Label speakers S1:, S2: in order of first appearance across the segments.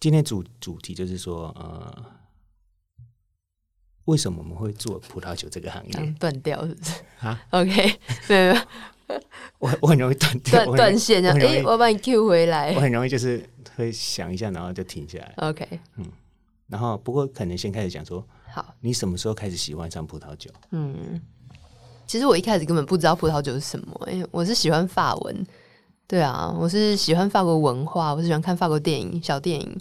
S1: 今天主主題就是說，呃，為什麼我們會做葡萄酒這個行業？啊，斷掉是不是？啊
S2: ？OK，沒有。
S1: 我我很容易斷掉斷掉，斷線、啊，我很容易，欸、我
S2: 把你 Q 回來，我很
S1: 容易就是會想一下，然後就停下來。OK，嗯，然後不過可能先開始講說，好，你什麼時候開始喜歡上葡萄酒？
S2: 嗯，其實我一開始根本不知道葡萄酒是什麼、欸，因為我是喜歡法文。對啊，我是喜歡法國文化，我是喜歡看法國電影，小電影，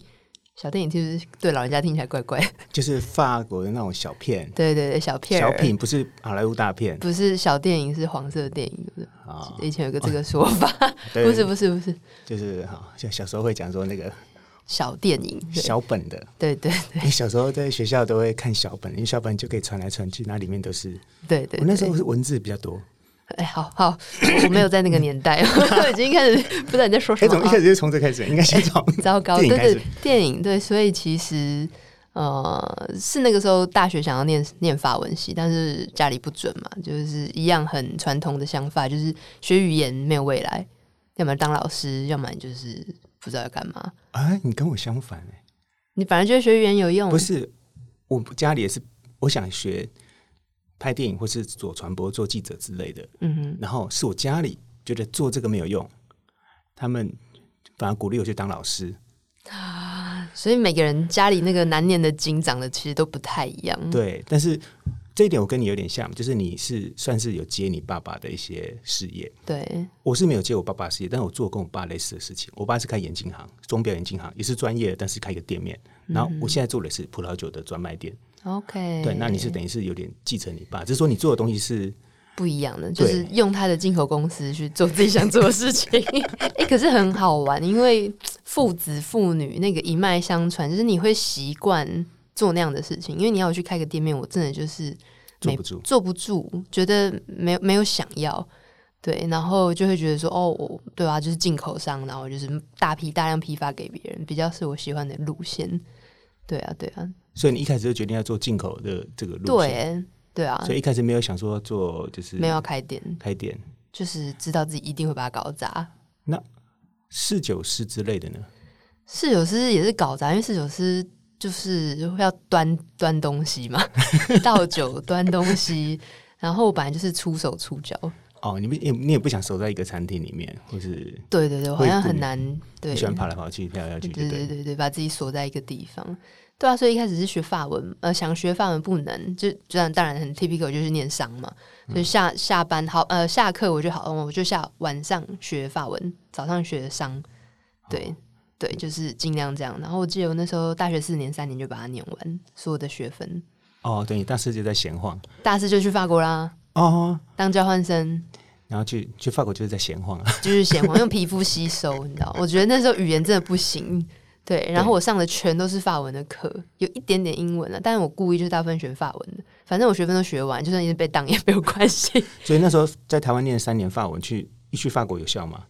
S2: 小電影就是對老人家聽起來怪
S1: 怪，就是法國的那種小片，
S2: 對對對，小片小品
S1: 不是好萊塢大片，不
S2: 是小電影是黃色電影，就是哦、以前有個這個說法，哦、
S1: 對對對 不是不是不是、就是，就是好小小時候會講說那個
S2: 小電影小
S1: 本的，對，對對對，你小時候在學校都會看小本，因為小本就可以傳來傳去，那裡面都是對對，對對，我那時候是文字比較多。
S2: 哎，好好，我沒有在那個年代，都 已經開始不知道你在說什麼，啊。黑總一開
S1: 始就從這開始，應該先從
S2: 糟糕的電影，電影對，所以其實呃是那個時候大學想要念念法文系，但是家裡不准嘛，就是一樣很傳統的想法，就是學語言沒有未來，要麼當老師，要麼就是不知道要幹嘛。
S1: 啊，你跟我相反，欸、
S2: 你反而覺得學語言有用，不是
S1: 我家裡也是，我想學。拍電影或是做傳播、做記者之類的，嗯哼，然後是我家裡覺得做這個沒有用，他們反而鼓勵我去當老師啊。
S2: 所以每個人家裡那個難念的經，長得其實都不太一樣。對，
S1: 但是這一點我跟你有點像，就是你是算是有接你爸爸的一些事業。
S2: 對，
S1: 我是沒有接我爸爸的事業，但是我做跟我爸類似的事情。我爸是開眼鏡行，鐘錶眼鏡行也是專業的，但是開一個店面。嗯哼，然後我現在做的是葡萄酒的專賣店。
S2: OK，對，那你
S1: 是等於是有點繼承你爸，就是說你做的東西是
S2: 不一樣的，就是用他的進口公司去做自己想做的事情、 欸。可是很好玩，因為父子父女那個一脈相傳，就是你會習慣做那樣的事情，因為你要我去開個店面，我真的就是坐不住，坐不住，覺得沒沒有想要，對，然後就會覺得說，哦，我對啊，就是進口商，然後就是大批大量批發給別人，比較是我喜歡的路線。對啊，對啊。
S1: 所以你一開始就決定要做進口的這個路線，對對啊，所以一開始沒有想說要做，就是沒有要開店，開店
S2: 就是知道自己一定會把它搞砸。
S1: 那侍酒師之類的呢？
S2: 侍酒師也是搞砸，因為侍酒師就是要端端東西嘛， 倒酒、端東西，然後本來就是出手出腳。
S1: 哦，你不也你也不想守在一個餐廳裡面，或是對對對，好像很難。對，喜歡跑來跑去，跳來跳去。對對
S2: 對，把自己鎖在一個地方。對啊，所以一開始是學法文，呃，想學法文不能，就這樣，當然很 typical 就是念商嘛。所以下下班好，呃，下課我就好、哦，我就下晚上學法文，早上學商。對好對，就是盡量這樣。然後我記得我那時候大學四年三年就把它念完，所有的學分。
S1: 哦，對，你大四就在閒晃。
S2: 大四就去法國啦。哦，當交換生、
S1: 哦，然後去去法國就是在閒晃啊，就是閒晃，用
S2: 皮膚吸收，你知道？ 我覺得那時候語言真的不行，對。然後我上的全都是法文的課，有一點點英文了，但是我故意就是大部分選法文的，反正我學分都學完，就算一直被當也沒有關
S1: 係。所以那時候在台灣念三年法文去，去一去法國有效嗎？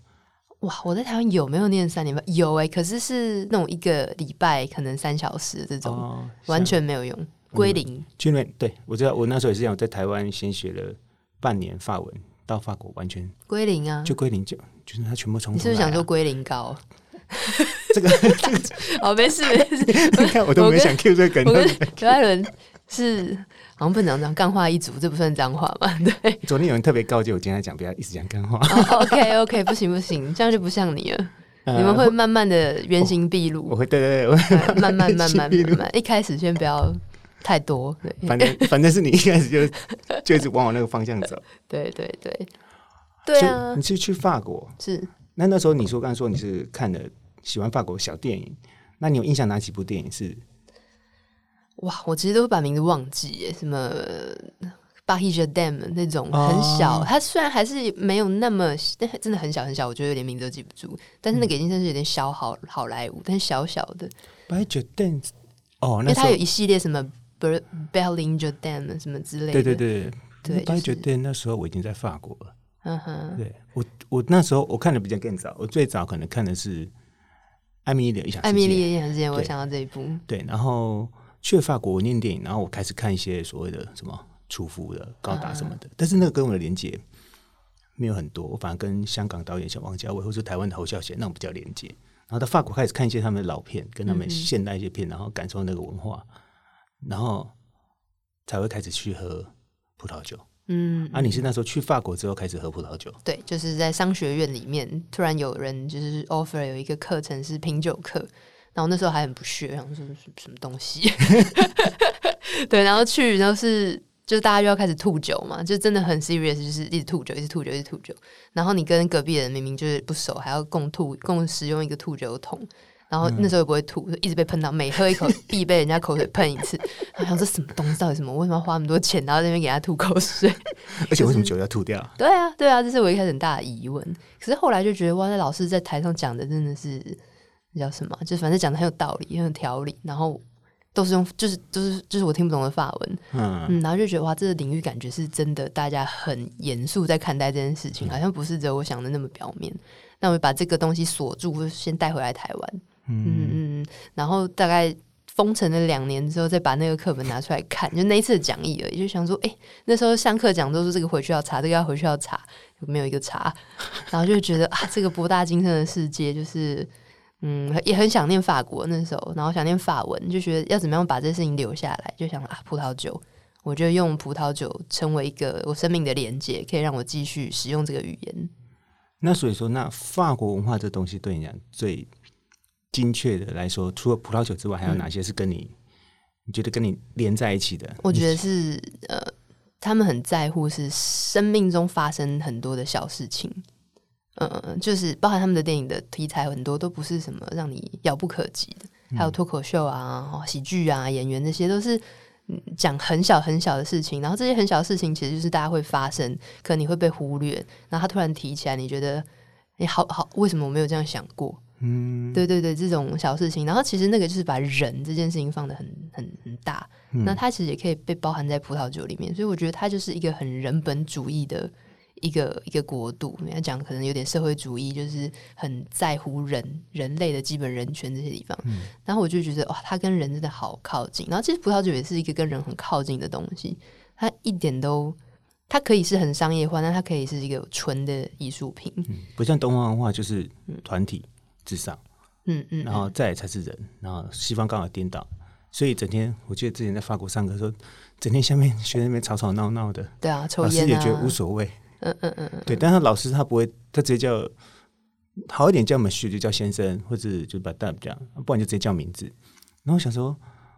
S2: 哇，我在台灣有沒有念三年法文？有哎、欸，可是是那種一個禮拜可能三小時這種，哦、完全沒有用。歸零，
S1: 因為對我知道，我那時候也是這樣，在台灣先學了半年法文，到法國完全
S2: 歸零啊，就
S1: 歸零就就是他全部從。你是不是想做
S2: 龜苓膏？這個哦，沒事沒事。我都沒想 cue 這個梗。我跟艾倫是好像不講幹話一組，這不算髒話嗎？對。
S1: 昨天有人特別告誡我，今天講不要一直講幹話。
S2: OK OK，不行不行，這樣就不像你了。
S1: 你們會
S2: 慢慢的原形畢露。
S1: 我會對對對，慢慢慢慢慢
S2: 慢，一開始先不要。太多，對，反正
S1: 反正是你一開始就 就一直往我那個方向走。 對對對，
S2: 對啊，你
S1: 是，是去法國是？那那時候你說剛才說你是看了喜歡法國小電影，那你有印象哪幾部電影是？
S2: 哇，我其實都會把名字忘記耶，什麼巴希爾丹那種很小，哦，它雖然還是沒有那麼，真的很小很小，我覺得連名字都記不住。但是那個已經是有點小好好萊塢，但是小小的
S1: 巴希爾哦，嗯 oh, 那它有一系
S2: 列什麼。Belinda 什麼之類的。對對
S1: 對，八九對，那，對是那時候我已經在法國了。嗯哼、
S2: uh，huh、
S1: 對我我那時候我看的比較更早，我最早可能看的是《艾米麗的異想世界艾米麗的異
S2: 想世界之前對我想到這一部對。
S1: 對，然後去了法國念電影，然後我開始看一些所謂的什麼廚的《楚浮》的高達》什麼的，uh huh、但是那個跟我的連接沒有很多，我反而跟香港導演像王家衛或者台灣的侯孝賢那種比較連接，然後到法國開始看一些他們的老片，跟他們現代一些片，嗯、哼然後感受那個文化。然後才會開始去喝葡萄酒。嗯，啊，你是那時候去法國之後開始喝葡萄酒？
S2: 對，就是在商學院裡面，突然有人就是 offer 有一個課程是品酒課，然後那時候還很不屑，想說什麼什麼東西？ 對，然後去，然後是就大家就要開始吐酒嘛，就真的很 serious，就是一直，一直吐酒，一直吐酒，一直吐酒。然後你跟隔壁的人明明就是不熟，還要共吐、共使用一個吐酒桶。然後那時候也不會吐，就一直被噴到，每喝一口必被人家口水噴一次。好像 這什麼東西，到底什麼？為什麼要花那麼多錢，然後在那邊給他吐口水？ 而且、
S1: 就是、 為什麼酒要吐掉？
S2: 對啊，對啊，這是我一開始很大的疑問。可是後來就覺得，哇，那老師在台上講的真的是叫什麼？就反正講的很有道理，很有條理。然後都是用就是就是就是我聽不懂的法文，嗯，嗯，然後就覺得哇，這個領域感覺是真的，大家很嚴肅在看待這件事情，嗯、好像不是只有我想的那麼表面。那我就把這個東西鎖住，先帶回來台灣。嗯嗯嗯，然後大概封城了兩年之後，再把那個課本拿出來看，就那一次講義而已。就想說，哎、欸，那時候上課講都是這個，回去要查這個，要回去要查，有沒有一個查。然後就覺得 啊，這個博大精深的世界，就是嗯，也很想念法國那時候，然後想念法文，就覺得要怎麼樣把這事情留下來，就想啊，葡萄酒，我就用葡萄酒成為一個我生命的連接，可以讓我繼續使用這個語言。
S1: 那所以說，那法國文化這東西對你講最。精確的來說，除了葡萄酒之外，還有哪些是跟你、嗯、你覺得跟你連在一起的？我覺
S2: 得是呃，他們很在乎是生命中發生很多的小事情，呃，就是包含他們的電影的題材很多都不是什麼讓你遙不可及的，還有脫口秀啊、喔、喜劇啊、演員那些都是講很小很小的事情，然後這些很小的事情其實就是大家會發生，可能你會被忽略，然後他突然提起來，你覺得你、欸、好好，為什麼我沒有這樣想過？嗯，對對對，這種小事情，然後其實那個就是把人這件事情放得很很，很大，嗯、那它其實也可以被包含在葡萄酒裡面，所以我覺得它就是一個很人本主義的一個一個國度。你要講可能有點社會主義，就是很在乎人人類的基本人權這些地方。嗯、然後我就覺得哇，它跟人真的好靠近。然後其實葡萄酒也是一個跟人很靠近的東西，它一點都它可以是很商業化，但它可以是一個純的藝術品，嗯、
S1: 不像東方文化就是團體。嗯至上，嗯，嗯嗯，然後再也才是人。然後西方剛好顛倒，所以整天，我記得之前在法國上課時候，整天下面學生們吵吵鬧鬧，鬧的。對
S2: 啊，抽煙啊，老師也覺得無所謂。嗯嗯嗯嗯。對，但
S1: 是老師他不會，他直接叫好一點叫 Monsieur 就叫先生，或者就把大這樣，不然就直接叫名字。然後我想說。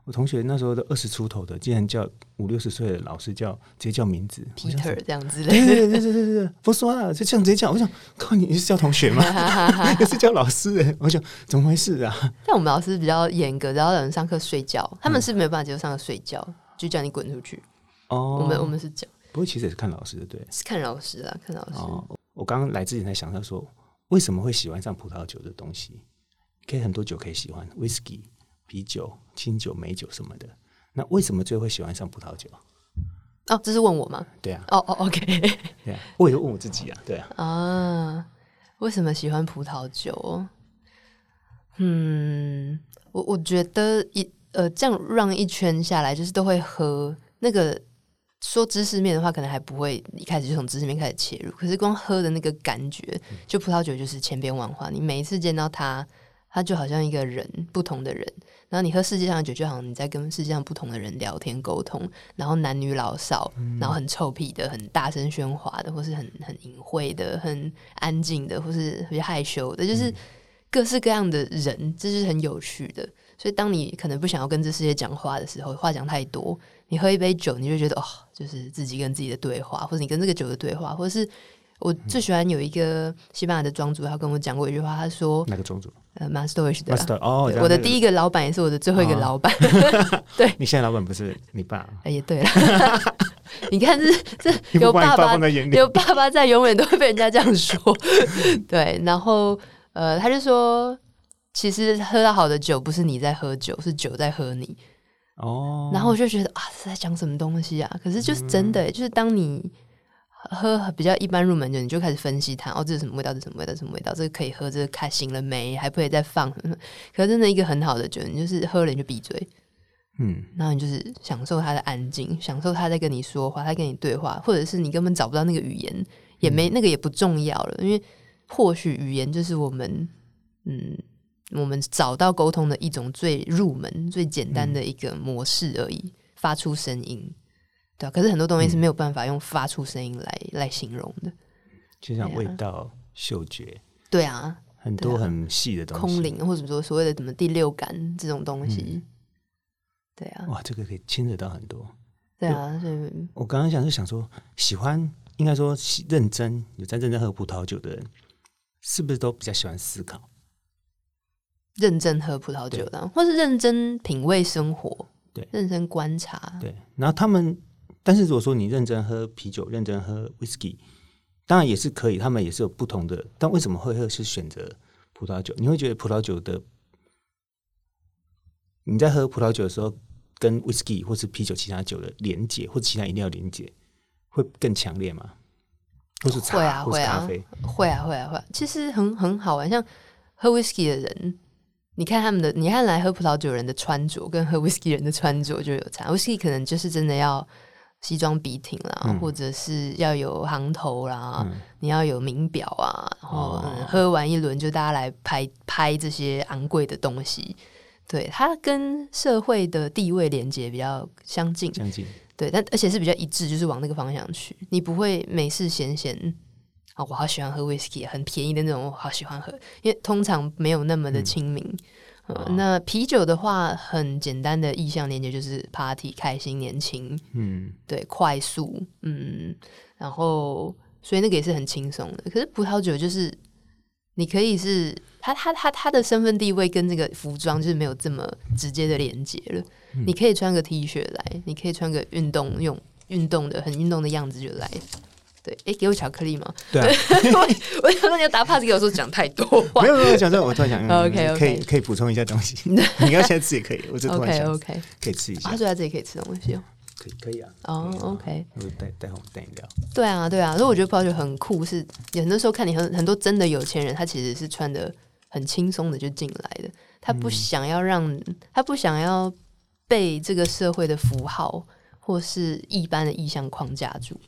S1: 我同學那時候都二十出頭的，竟然叫五六十歲的老師叫直接叫名字 Peter 這樣子的，對對對對對， 不說了，就這樣直接叫。我想靠你，你是叫同學嗎？ 你是叫老師耶，我想怎麼回事啊？
S2: 但我們老師比較嚴格，然後有人上課睡覺，嗯、他們是沒有辦法接受上課睡覺，就叫你滾出去。哦
S1: 我，我們我們是不過其實也是看老師的，對，是
S2: 看老師的，啊，看老
S1: 師。哦、我剛剛來之前才想到說，他說為什麼會喜歡上葡萄酒的東西？可以很多酒可以喜歡，Whisky 啤酒。清酒、美酒什麼的，那為什麼最會喜歡上葡萄酒？哦、
S2: 啊，這是問我嗎？對啊，哦哦、oh,，OK，對
S1: 啊，我也問我自己啊，對啊，
S2: 啊，為什麼喜歡葡萄酒？嗯，我我覺得一呃，這樣 run 一圈下來，就是都會喝。那個說知識面的話，可能還不會一開始就從知識面開始切入，可是光喝的那個感覺，就葡萄酒就是千變萬化。你每一次見到它，它就好像一個人，不同的人。然後你喝世界上的酒，就好像你在跟世界上不同的人聊天溝通。然後男女老少，然後很臭屁的，很大聲喧嘩的，或是很很隱晦的，很安靜的，或是很害羞的，就是各式各樣的人，這是很有趣的。所以當你可能不想要跟這世界講話的時候，話講太多，你喝一杯酒，你就覺得哦，就是自己跟自己的對話，或者你跟這個酒的對話，或者是。我最喜歡有一個西班牙的莊主，他跟我講過一句話，他說：“哪個莊主？呃 Masterish 的、對啊、Master 我的第一個老闆也是我的最後一個老闆。哦”
S1: 對，你現在老闆不是你爸？哎呀，
S2: 對了， 你看是是有 爸爸有爸，爸爸在，永遠都會被人家這樣說。 對，然後呃，他就說：“其實喝到好的酒，不是你在喝酒，是酒在喝你。”哦，然後我就覺得啊，是在講什麼東西啊？可是就是真的，嗯、就是當你，喝比較一般入門酒，你就開始分析它哦，這是什麼味道？這是什麼味道？這是什麼味道？這個可以喝，這個開醒了沒？還不可以再放？可是真的一個很好的酒，你就是喝了你就閉嘴，嗯，然後你就是享受它的安靜，享受他在跟你說話，他跟你對話，或者是你根本找不到那個語言，也沒、嗯、那個也不重要了，因為或許語言就是我們嗯，我們找到溝通的一種最入門、最簡單的一個模式而已，發出聲音。嗯對，可是很多東西是沒有辦法用發出聲音來來形容的，就像味
S1: 道、嗅覺，對啊，很多很細的東西，空靈，
S2: 或者說所謂的什麼第六感這種
S1: 東西，對啊，哇，這個可以牽扯到很多。
S2: 對啊，所以我
S1: 剛剛想是想說，喜歡應該說認真有在認真喝葡萄酒的人，是不是都比較喜歡思考？
S2: 認真喝葡萄酒的，或是認真品味生活，對，認真觀察，
S1: 對，然後他們。但是如果說你認真喝啤酒，認真喝 whisky，當然也是可以。他們也是有不同的，但為什麼會喝是選擇葡萄酒？你會覺得葡萄酒的，你在喝葡萄酒的時候，跟 whisky 或是啤酒，其他酒的連接或者其他飲料聯結，會更強烈嗎？或是茶，會啊，或是咖啡？
S2: 會啊，會啊，會啊。其實很很好玩，像喝 whisky 的人，你看他們的，你看來喝葡萄酒的人的穿着，跟喝 whisky 人的穿着就有差。whisky 可能就是真的要。西裝筆挺啦，嗯、或者是要有行頭啦，嗯、你要有名錶啊，然後、哦嗯、喝完一輪就大家來拍拍這些昂貴的東西，對，它跟社會的地位連接比較相近，相近，對，但而且是比較一致，就是往那個方向去，你不會每次閒閒啊，我好喜歡喝威士忌，很便宜的那種，我好喜歡喝，因為通常沒有那麼的親民。嗯 Wow. 那啤酒的話，很簡單的意象連接就是 party 開心年輕，嗯，對，快速，嗯，然後所以那個也是很輕鬆的。可是葡萄酒就是你可以是他他他他的身份地位跟這個服裝就是沒有這麼直接的連接了。嗯、你可以穿個 T 恤來，你可以穿個運動用運動的很運動的樣子就來。對，哎、欸，給我巧克力嗎？對、啊 我，我想說你要打 pass，給我說講太多話。沒有 沒有，講這對我,我突然想，OK OK，可以
S1: 可以補充一下東西， 你要先吃也可以，我就突然想，OK OK，可以吃一下。他坐、啊、在這裡可以吃東西哦，嗯、可以可以啊，哦、oh, OK，我帶帶紅帶飲
S2: 對啊對啊，所以、啊啊、我覺得葡萄酒很酷，是有很多時候看你很很多真的有錢人，他其實是穿得很輕鬆的就進來的，他不想要讓、嗯、他不想要被這個社會的符號或是一般的意向框架住，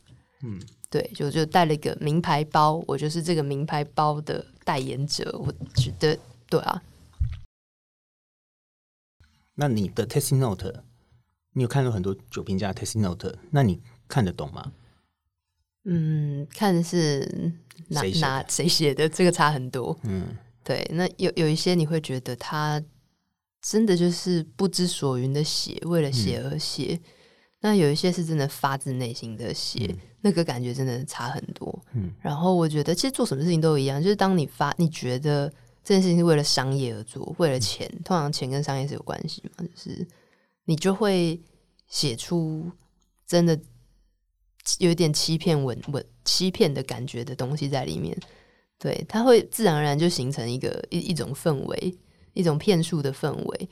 S2: 嗯。對，就就帶了一個名牌包，我就是這個名牌包的代言者，我覺得，對啊。
S1: 那你的 tasting note，你有看到很多酒評家的 tasting note，那你看得懂嗎？嗯，
S2: 看是哪哪誰、誰寫的，這個差很多。嗯，對。那有有一些你會覺得他真的就是不知所云的寫，為了寫而寫。嗯那有一些是真的發自內心的寫，嗯、那個感覺真的差很多。嗯，然後我覺得其實做什麼事情都一樣，就是當你發你覺得這件事情是為了商業而做，為了錢，嗯、通常錢跟商業是有關係嘛，就是你就會寫出真的有一點欺騙、穩穩欺騙的感覺的東西在裡面，對，它會自然而然就形成一個一一種氛圍，一種騙術的氛圍。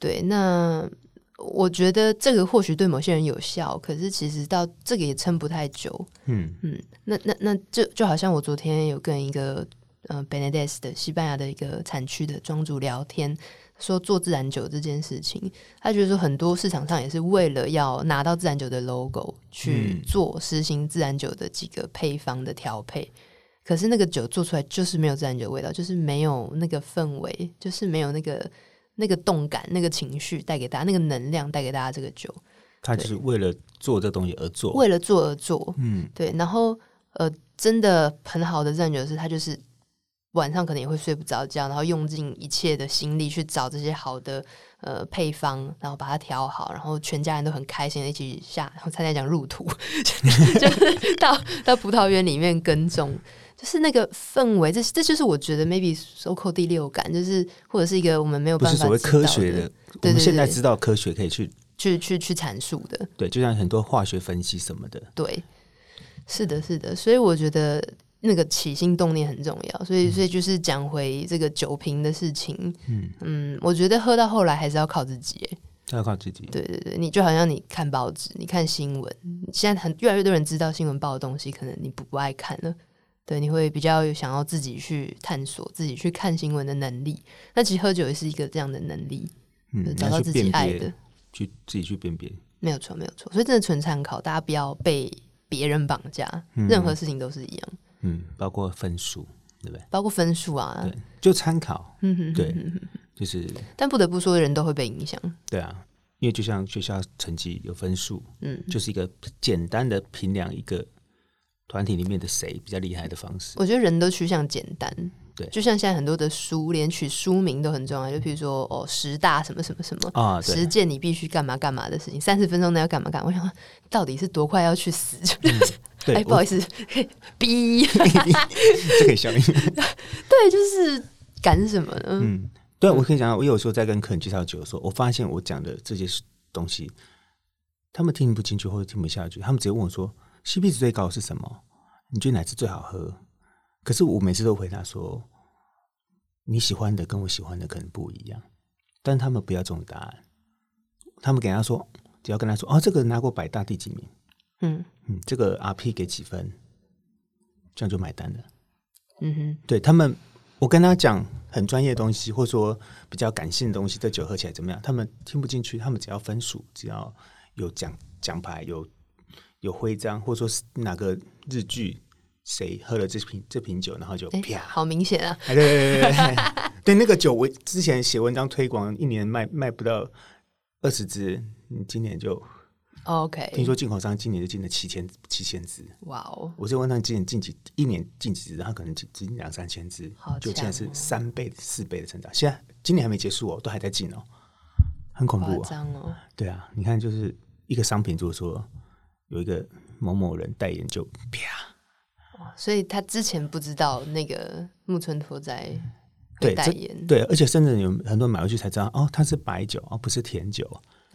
S2: 對，那。我覺得這個或許對某些人有效，可是其實到這個也撐不太久。嗯嗯，那那那就就好像我昨天有跟一個呃 Benedes 的西班牙的一個產區的莊主聊天，說做自然酒這件事情，他覺得說很多市場上也是為了要拿到自然酒的 logo 去做實行自然酒的幾個配方的調配，嗯、可是那個酒做出來就是沒有自然酒味道，就是沒有那個氛圍，就是沒有那個。就是那個動感、那個情緒帶給大家，那個能量帶給大家。這個酒，
S1: 他就是為了做這東西而做，為了
S2: 做而做。嗯，對。然後，呃，真的很好的釀酒師，他就是晚上可能也會睡不着覺，然後用盡一切的心力去找這些好的呃配方，然後把它調好，然後全家人都很開心的一起下，然後參加講入土， 就是到 到，到葡萄園裡面耕種。就是那個氛圍，這這就是我覺得 maybe so-called 第六感，就是或者是一個我們沒有辦法，不是所謂科學的。對
S1: 對對，我們現在知道科學可以去
S2: 去去去闡述的。
S1: 對，就像很多化學分析什麼的。
S2: 對，是的，是的。所以我覺得那個起心動念很重要。所以，嗯、所以就是講回這個酒瓶的事情。嗯嗯，我覺得喝到後來還是要靠自己。要
S1: 靠自己。對
S2: 對對，你就好像你看報紙，你看新聞。現在很越來越多人知道新聞報的東西，可能你不不愛看了。對，你會比較想要自己去探索、自己去看新聞的能力。那其實喝酒也是一個這樣的能力，嗯，找到自己愛的，
S1: 去自己去辨別。
S2: 沒有錯，沒有錯。所以真的純參考，大家不要被別人綁架。嗯、任何事情都是一樣，嗯，
S1: 包括分數，對不對？
S2: 包括分數啊，對，
S1: 就參考。嗯哼，哼，哼，哼，對，就是。
S2: 但不得不說，人都會被影響。
S1: 對啊，因為就像學校成績有分數，嗯，就是一個簡單的評量一個團體裡面的誰比較厲害的方式？我
S2: 覺得人都趨向簡單，對，就像現在很多的書，連取書名都很重要。就譬如說哦，十大什麼什麼什麼啊，十件、哦、你必須幹嘛幹嘛的事情，三十分鐘內要幹嘛幹嘛。我想到底是多快要去
S1: 死？就、嗯、哎，不好意思，我嘿
S2: 逼，
S1: 這個效應。
S2: 對，就是趕什麼呢？
S1: 嗯，對，我可以講，我有時候在跟客人介紹酒的時候，我發現我講的這些東西，他們聽不進去或者聽不下去，他們直接問我說。CP 值最高是什麼？你覺得哪支最好喝？可是我每次都回答說，你喜歡的跟我喜歡的可能不一樣，但他們不要這種答案，他們給他說，只要跟他說，哦，這個拿過百大第幾名，嗯嗯，這個 RP 給幾分，這樣就買單了。嗯哼，對他們，我跟他講很專業的東西，或者說比較感性的東西，這酒喝起來怎麼樣？他們聽不進去，他們只要分數，只要有獎獎牌有。有徽章，或者說是哪個日劇，誰喝了這瓶這瓶酒，然後就啪，欸、好明
S2: 顯啊！對對對對
S1: 對，對那個酒，我之前寫文章推廣，一年賣賣不到二十支，今年就
S2: OK。聽說進口
S1: 商今年就進了七千七千支，哇哦 Wow！我是問，那今年進幾一年進幾支，他可能進進兩三千支，哦、就現在是三倍四倍的成長。現在今年還沒結束哦，都還在進哦，很恐怖哦。哦對啊，你看就是一個商品做，如果說。有一個某某人代言就啪，
S2: 所以他之前不知道那個木村拓哉
S1: 代言。對，對，而且甚至有很多人買回去才知道，哦，它是白酒，哦，不是甜酒，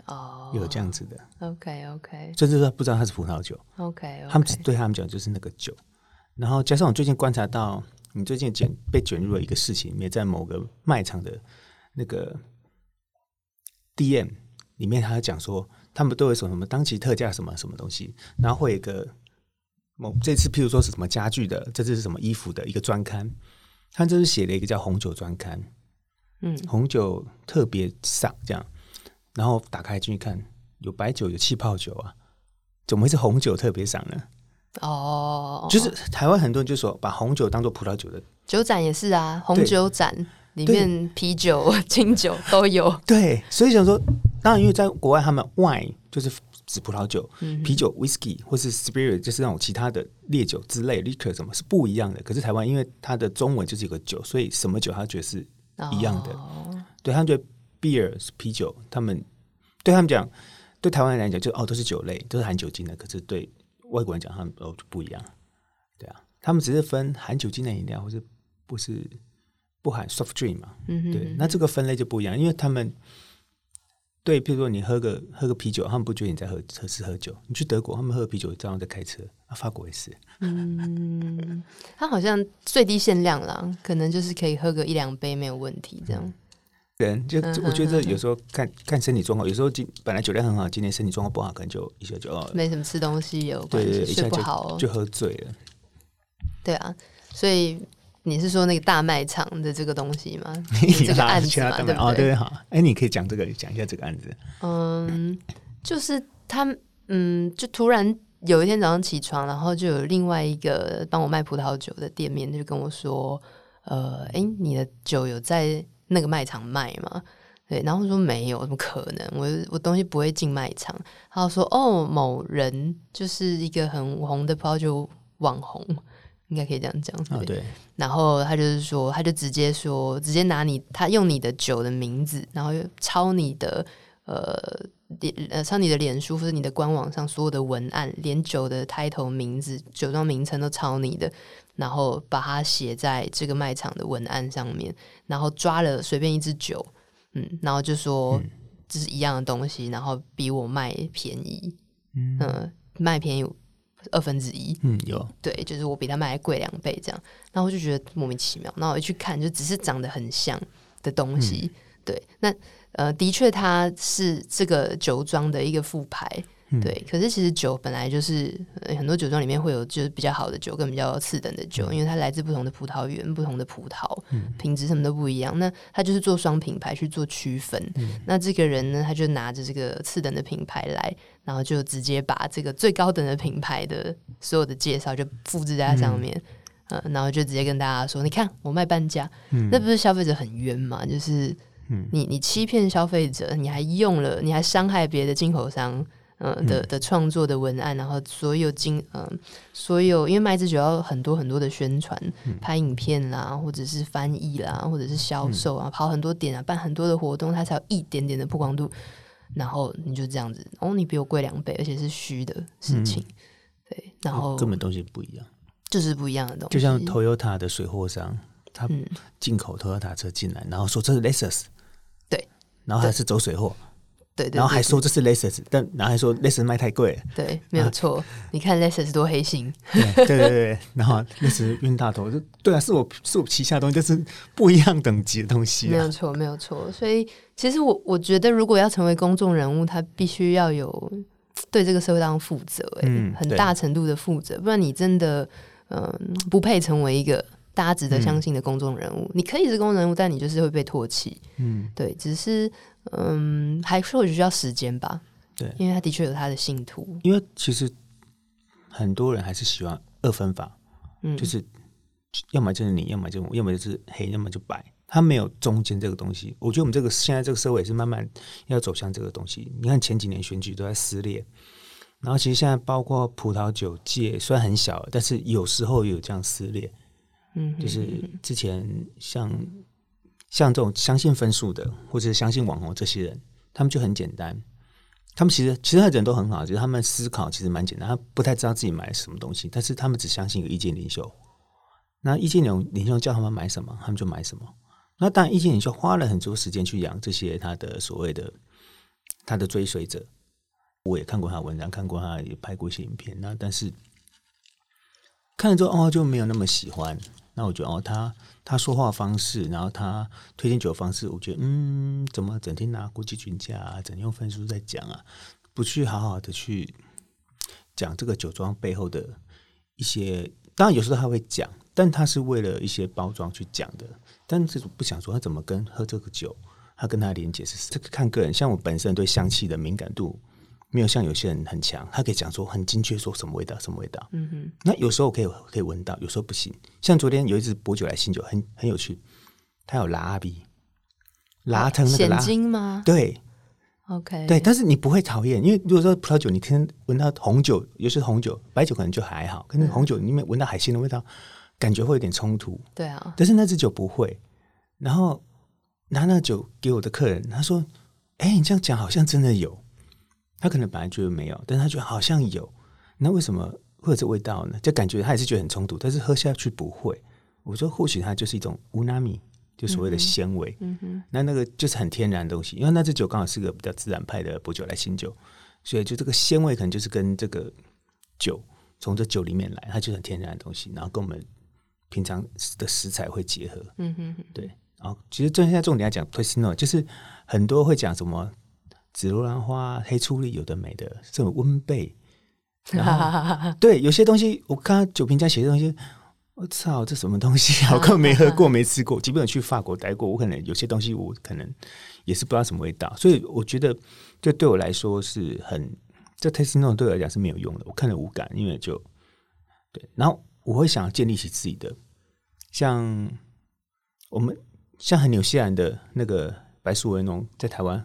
S1: 哦，有這樣子的
S2: ，OK OK，甚至
S1: 說不知道它是葡萄酒
S2: ，OK，, okay 他們只
S1: 對他們講就是那個酒，然後加上我最近觀察到，你最近卷被捲入了一個事情，也在某個賣場的那個 DM 裡面，他講說。他們都有什麼什麼當期特價什麼什麼東西，然後會有一個某這次，譬如說是什麼家具的，這次是什麼衣服的一個專刊，他這次寫了一個叫紅酒專刊，嗯，紅酒特別賞這樣，然後打開進去看，有白酒，有氣泡酒啊，怎麼會是紅酒特別賞呢？
S2: 哦，就是
S1: 台灣很多人就說把紅酒當做葡萄酒的
S2: 酒盞也是啊，紅酒盞對裡面啤酒、
S1: 清對酒都有，對，所以想說。當然，因為在國外，他們 wine 就是指葡萄酒，嗯、哼啤酒、whisky 或是 spirit，就是那種其他的烈酒之類，liquor 什麼，是不一樣的。可是台灣，因為它的中文就是一個酒，所以什麼酒，他覺得是一樣的。哦、對，他們覺得 beer 是啤酒，他們對他們講，對台灣人來講就，就哦，都是酒類，都是含酒精的。可是對外國人講，他們哦就不一樣。對啊，他們只是分含酒精的飲料，或是不是不含 soft drink 嘛？對，嗯、哼那這個分類就不一樣，因為他們。對，譬如說你喝個喝個啤酒，他們不覺得你在喝，這是喝酒。你去德國，他們喝啤酒照樣在開車，啊，法國也
S2: 是。嗯，他好像最低限量啦，可能就是可以喝個一兩杯沒有問題這樣。對、
S1: 嗯嗯，就，嗯、哼哼就我覺得有時候看看身體狀況，有時候本來酒量很好，今天身體狀況不好，可能就一下就哦，
S2: 沒什麼吃東西有關係，對，一下就好、哦、就喝醉了。對啊，所以。你是說那個大賣場的這個東西嗎？就是、這個案子嘛， 對不吧對？哦，對對
S1: 好。哎、欸，你可以講這個，講一下這個案子。嗯，
S2: 就是他，嗯，就突然有一天早上起床，然後就有另外一個幫我賣葡萄酒的店面就跟我說，呃，誒、欸、你的酒有在那個賣場賣嗎？對，然後說沒有，怎麼可能？我我東西不會進賣場。他說，哦，某人就是一個很紅的葡萄酒網紅。應該可以這樣講、啊。對。然後他就是說，他就直接說，直接拿你，他用你的酒的名字，然後抄你的呃臉，呃抄你的臉書或者你的官網上所有的文案，連酒的 title 名字、酒莊名稱都抄你的，然後把它寫在這個賣場的文案上面，然後抓了隨便一支酒，嗯，然後就說、嗯、這是一樣的東西，然後比我賣便宜，嗯、呃，賣便宜。二分之一，嗯，有對，就是我比他賣貴兩倍這樣，然後我就覺得莫名其妙，那我一去看，就只是長得很像的東西，嗯、對，那呃，的確它是這個酒莊的一個副牌。對，可是其實酒本來就是，欸，很多酒莊裡面會有就是比較好的酒跟比較次等的酒，因為它來自不同的葡萄園、不同的葡萄，嗯、品質什麼都不一樣。那他就是做雙品牌去做區分。嗯、那這個人呢，他就拿着這個次等的品牌來，然後就直接把這個最高等的品牌的所有的介紹就複製在上面，嗯，嗯，然後就直接跟大家說：“你看，我賣半價，嗯、那不是消費者很冤嗎？就是你，你你欺騙消費者，你還用了，你還傷害別的進口商。”嗯的的創作的文案，然後所有經嗯所有因為麥子酒要很多很多的宣傳，嗯、拍影片啦，或者是翻譯啦，或者是銷售啊，嗯、跑很多點啊，辦很多的活動，它才有一點點的曝光度。然後你就這樣子，然、哦、後你比我貴兩倍，而且是虛的事情，嗯、對，然後根本
S1: 東西不一樣，就是不一樣的東西。就像 Toyota 的水貨商，他進口 Toyota 車進來，然後說這是 Lexus，對，然後還是走水貨。
S2: 對，對，然後還說這
S1: 是 Lexus，但然後還說 Lexus 賣太貴，
S2: 對，沒有錯。啊、你看 Lexus 多黑心，對對對，
S1: 對 然後 Lexus 冤大頭，就對啊，是我是我旗下的東西，就是不一樣等級的東西，啊沒，沒
S2: 有錯，沒有錯。所以其實我我覺得，如果要成為公眾人物，他必須要有對這個社會當中負責，欸，哎、嗯，很大程度的負責，不然你真的嗯不配成為一個。大家值得相信的公眾人物，嗯、你可以是公眾人物，但你就是會被唾棄。嗯，對，只是嗯，還或許需要時間吧。對，因為他的確有他的信徒。
S1: 因為其實很多人還是喜歡二分法，嗯、就是要麼就是你，要麼就是我，要麼就是黑，要麼就白。他沒有中間這個東西。我覺得我們這個現在這個社會也是慢慢要走向這個東西。你看前幾年選舉都在撕裂，然後其實現在包括葡萄酒界，雖然很小，但是有時候也有這樣撕裂。嗯，就是之前像像這種相信分數的，或者是相信網紅這些人，他們就很簡單。他們其實其他的人都很好，就是他們思考其實蠻簡單，他不太知道自己買了什麼東西，但是他們只相信有一個意見領袖。那意見領領袖叫他們買什麼，他們就買什麼。那當然，意見領袖花了很多時間去養這些他的所謂的他的追隨者。我也看過他文章，看過他也拍過一些影片。那但是看了之後，哦，就沒有那麼喜歡。那我覺得，哦，他他說話方式，然後他推薦酒的方式，我覺得嗯，怎麼整天拿國際均價，整天用分數在講啊，不去好好的去講這個酒莊背後的一些，當然有時候他會講，但他是為了一些包裝去講的，但是不想說他怎麼跟喝這個酒，他跟他連結是這個看個人，像我本身對香氣的敏感度。沒有像有些人很強，他可以講說很精確說什麼味道什麼味道。嗯哼，那有時候我可以我可以聞到，有時候不行。像昨天有一支薄酒萊新酒，很很有趣。他有拉比，拉成那個拉筋
S2: 嗎？對，OK，對。但是
S1: 你不會討厭，因為如果說葡萄酒，你聽聞到紅酒，尤其是紅酒，白酒可能就還好。可是那紅酒你沒聞到海鮮的味道，感覺會有點衝突。對啊。但是那支酒不會。然後拿那酒給我的客人，他說：“哎、欸，你這樣講好像真的有。”他可能本來覺得沒有，但他覺得好像有，那為什麼會有這味道呢？就感覺他還是覺得很衝突，但是喝下去不會。我說或許它就是一種烏拉米，就所謂的鮮味，嗯哼，嗯哼。那那個就是很天然的東西，因為那支酒剛好是個比較自然派的薄酒萊新酒，所以就這個鮮味可能就是跟這個酒從這酒裡面來，它就是很天然的東西，然後跟我們平常的食材會結合。嗯哼，對。然後其實正現在重點要講，就是很多會講什麼。紫羅蘭花、黑醋栗，有的沒的，這種溫貝，然後 對有些東西，我看他酒瓶這寫的東西，我操，這什麼東西啊？我根本沒喝過、沒吃過，基本上去法國待過，我可能有些東西，我可能也是不知道什麼味道，所以我覺得，這對我來說是很這 tasting note 對我來講是沒有用的，我看了無感，因為就對，然後我會想建立起自己的，像我們像很紐西蘭的那個白蘇維農，在台灣。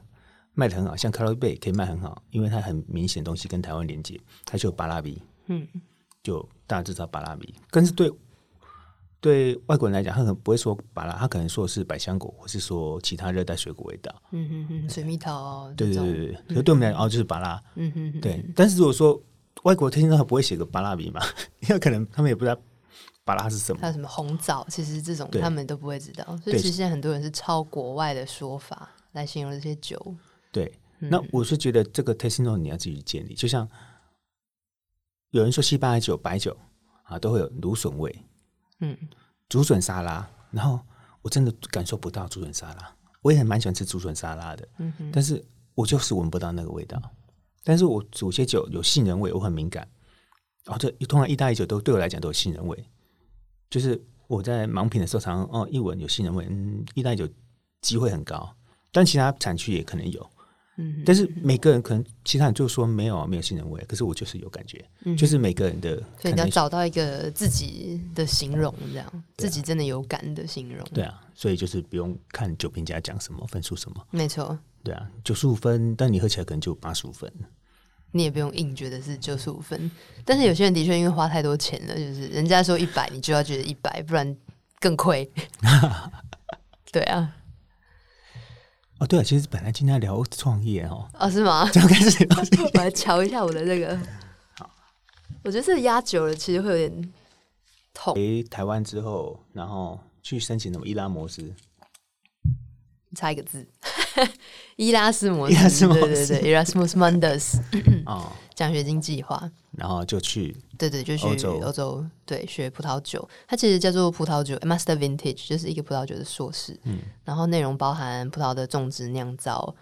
S1: 賣得很好，像卡拉貝可以賣得很好，因為它很明顯的東西跟台灣連接，它就有巴拉米，嗯，就大家知道巴拉米。但是對、嗯、對，對外國人來講，他可能不會說巴拉，他可能說是百香果，或是說其他熱帶水果味道，
S2: 嗯哼，哼，水蜜桃，對對對，嗯、哼哼就對我們
S1: 來講哦，就是巴拉，嗯哼，
S2: 哼，哼，哼，
S1: 對。但是如果說外國聽聽到不會寫個巴拉米嘛， 因為可能他們也不知道巴拉是什麼，還有
S2: 什麼紅棗，其實這種他們都不會知道，對所以其實現在很多人是抄國外的說法對來形容這些酒。
S1: 對，那我是覺得這個 taste note 你要自己建立。就像有人說西班牙酒、白酒啊都會有蘆筍味，嗯，竹筍沙拉。然後我真的感受不到竹筍沙拉，我也很蠻喜歡吃竹筍沙拉的，但是我就是聞不到那個味道。但是我煮些酒有杏仁味，我很敏感。然後這通常意大利酒都對我來講都有杏仁味，就是我在盲品的時候常常哦，一聞有杏仁味，嗯，意大利酒機會很高，但其他產區也可能有。嗯，但是每個人可能其他人就是說沒有啊，沒有杏仁味，可是我就是有感覺，嗯、哼就是每個人的，所以你要找
S2: 到一個自己的形容，這樣、啊、自己真的有感的形
S1: 容。對啊，所以就是不用看酒評家講什麼分數什麼，什麼沒錯錯。對啊，九十五分，但你喝起來可能就八十五分，
S2: 你也不用硬覺得是九十五分。但是有些人的確因為花太多錢了，就是人家說一百，你就要覺得一百，不然更虧。 對啊。
S1: 哦，對了、啊，其實本來今天要聊創業哦。啊、
S2: 哦，是嗎？怎麼開始？ 我來瞧一下我的那個。好我覺得這壓久了其實會有點
S1: 痛。回台灣之後，然後去申請什麼伊拉斯謨？你
S2: 差一個字， 伊拉斯謨。伊拉斯謨。對對對，Erasmus Mundus。哦。獎學金計劃，
S1: 然後就去，對對，就去歐洲，歐洲，
S2: 對，學葡萄酒，它其實叫做葡萄酒 Master Vintage，就是一個葡萄酒的碩士。嗯，然後內容包含葡萄的種植、釀造、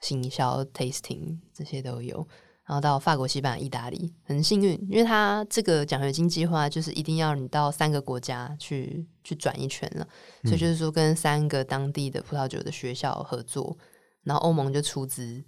S2: 行銷、tasting 這些都有。然後到法國、西班牙、意大利，很幸運，因為它這個獎學金計劃就是一定要你到三個國家去去轉一圈了，嗯，所以就是說跟三個當地的葡萄酒的學校合作，然後歐盟就出資。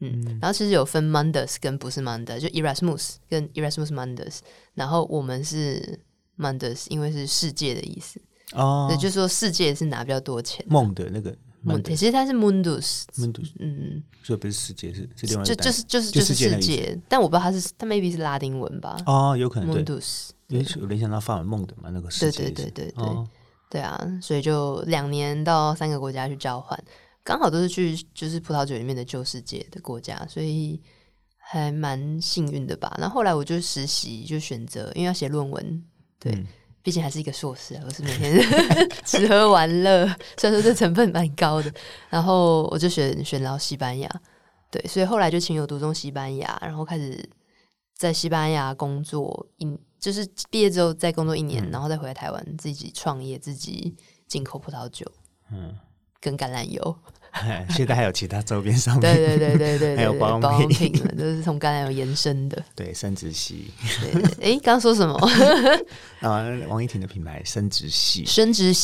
S2: 嗯，然後其實有分 Mundus 跟不是 Mundus，就 Erasmus 跟 Erasmus Mundus。然後我們是 Mundus，因為是世界的意思。哦，對，就是說世界是拿比較多錢。夢的那個夢的，Mundus，其實它是 Mundus，Mundus。
S1: 嗯嗯，這不是世界，是這地方就就是就是就是世界。
S2: 但我不知道它是它 maybe 是拉丁文吧？哦，有可能。Mundus，
S1: 對有有聯想到法文夢的嘛？那個世界。對對對對對、
S2: 哦、對啊！所以就兩年到三個國家去交換。剛好都是去就是葡萄酒裡面的舊世界的國家，所以還蠻幸運的吧。那後，後來我就實習就選擇，因為要寫論文，對，嗯、畢竟還是一個碩士，我是每天吃喝 玩樂，雖然 說這成分蠻高的。然後我就選選到西班牙，對，所以後來就情有獨鍾西班牙，然後開始在西班牙工作一，就是畢業之後再工作一年，嗯、然後再回來台灣自己創業，自己進口葡萄酒，嗯，跟橄欖油。
S1: 現在還有其他周邊商品， 對對對，對，對，對，對，對 還有保養品， 品，
S2: 都、就是從橄欖油延伸的。
S1: 對，深杯子。哎 對對對，剛、欸、說什麼？啊、 呃，王依亭的品牌深杯子，深
S2: 杯子，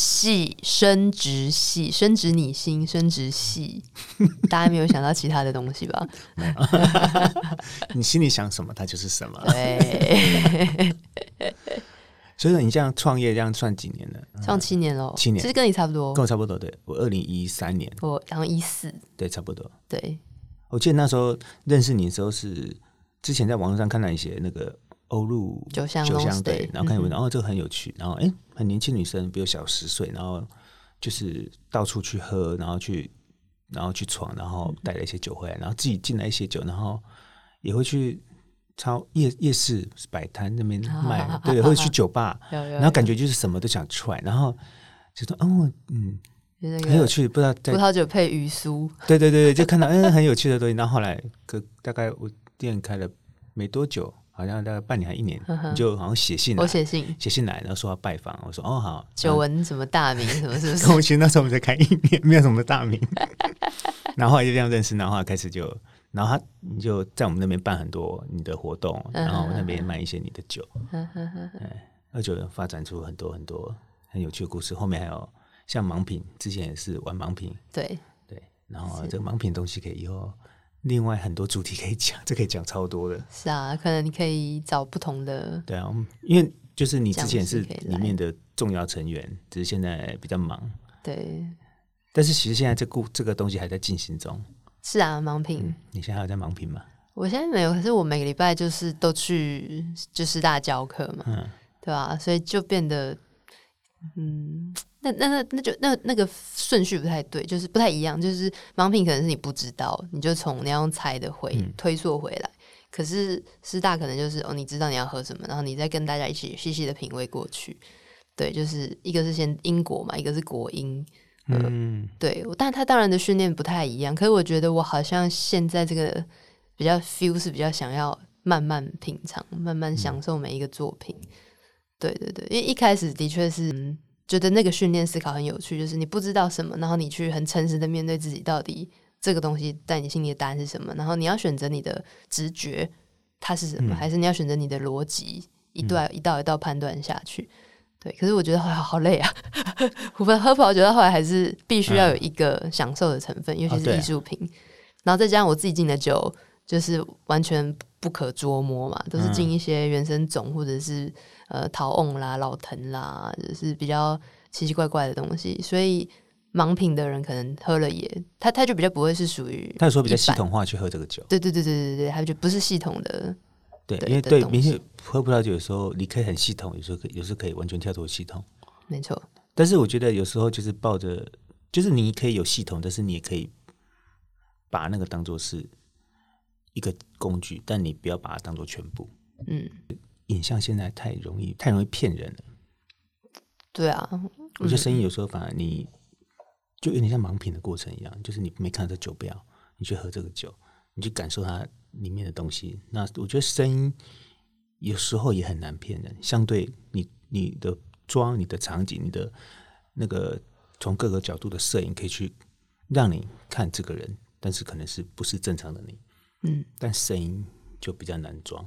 S2: 深杯子，深植你心，深杯子，大家沒有想到其他的東西吧？
S1: 沒有 你心裡想什麼，它就是什麼。對。 所以說你這樣創業這樣算幾年了？創七年了，嗯，七年其實跟你差不多，跟我差不多。對，我二零一三年，
S2: 我然後一四，
S1: 對，差不多。對，我記得那時候認識你的時候，是之前在網絡上看到一些那個歐陸酒香酒香、酒香對，然後看文章，嗯，然後這個很有趣，然後哎，欸，很年輕女生，比我小十歲，然後就是到處去喝，然後去，然後去闖，然後帶了一些酒回來，嗯，然後自己進來一些酒，然後也會去。超夜夜市擺攤那邊賣，對，或者去酒吧，然後感覺就是什麼都想 try，然後就說哦，嗯，
S2: 很有趣，不知道葡萄酒配魚酥，
S1: 對對對對，就看到嗯很有趣的東西。然後後來，大概我店開了沒多久，好像大概半年還一年，就好像寫信，我寫信，寫信來，然後說要拜訪，我說哦好，久聞
S2: 什麼大名什
S1: 麼什麼，其實那時候我們才開一年，沒有什麼大名，然後後來就這樣認識，然後後來開始就。然後他，你就在我們那邊辦很多你的活動，嗯、然後我那邊賣一些你的酒，哎，那就發展出很多很多很有趣的故事。後面還有像盲品，之前也是玩盲品，對對。
S2: 然後、啊、是這個盲
S1: 品東西可以以後另外很多主題可以講，這可以講超多的。
S2: 是啊，可能你可以找不同的。對啊，因為
S1: 就是你之前是裡面的重要成員，只是現在比較忙。對，但是其實現在這故這個東西還在進行中。
S2: 是啊，盲品。
S1: 嗯、你現在還有在盲品嗎？
S2: 我現在沒有，可是我每個禮拜就是都去，就師大教課嘛，嗯、對吧、啊。所以就變得，嗯，那那那那就那那個順序不太對，就是不太一樣。就是盲品可能是你不知道，你就從那樣猜的回、嗯、推溯回來。可是師大可能就是哦，你知道你要喝什麼，然後你再跟大家一起細細的品味過去。對，就是一個是先英國嘛，一個是國英。嗯、呃，對，但他當然的訓練不太一樣。可是我覺得我好像現在這個比較 feel 是比較想要慢慢品嘗、慢慢享受每一個作品。嗯、對對對，因為一開始的確是、嗯、覺得那個訓練思考很有趣，就是你不知道什麼，然後你去很誠實的面對自己，到底這個東西在你心裡的答案是什麼？然後你要選擇你的直覺，它是什麼？嗯、還是你要選擇你的邏輯，一段一道一道判斷下去。對，可是我覺得好累啊！ 我們喝葡萄酒到後來還是必須要有一個享受的成分，嗯、尤其是藝術品。啊啊、然後再加上我自己進的酒，就是完全不可捉摸嘛，都是進一些原生種或者是呃陶甕啦、老藤啦，就是比較奇奇怪怪的東西。所以盲品的人可能喝了也，他他就比較不會是屬於。
S1: 他就說比較系統化去喝這個酒。對
S2: 對對對對對，他就不是系統的。
S1: 對，因為對，對明星喝葡萄酒的時候，你可以很系統，有時候可以有時候可以完全跳脫系統，沒錯。但是我覺得有時候就是抱着，就是你可以有系統，但是你也可以把那個當做是一個工具，但你不要把它當做全部。嗯，影像現在太容易，太容易騙人了。對啊，我覺得聲音有時候反而你，就有點像盲品的過程一樣，就是你沒看到這酒標，你去喝這個酒。你去感受它裡面的東西。那我覺得聲音有時候也很難騙人。相對你你的裝，你的場景、你的那個從各個角度的攝影，可以去讓你看這個人，但是可能是不是正常的你？嗯，但聲音就比較難裝。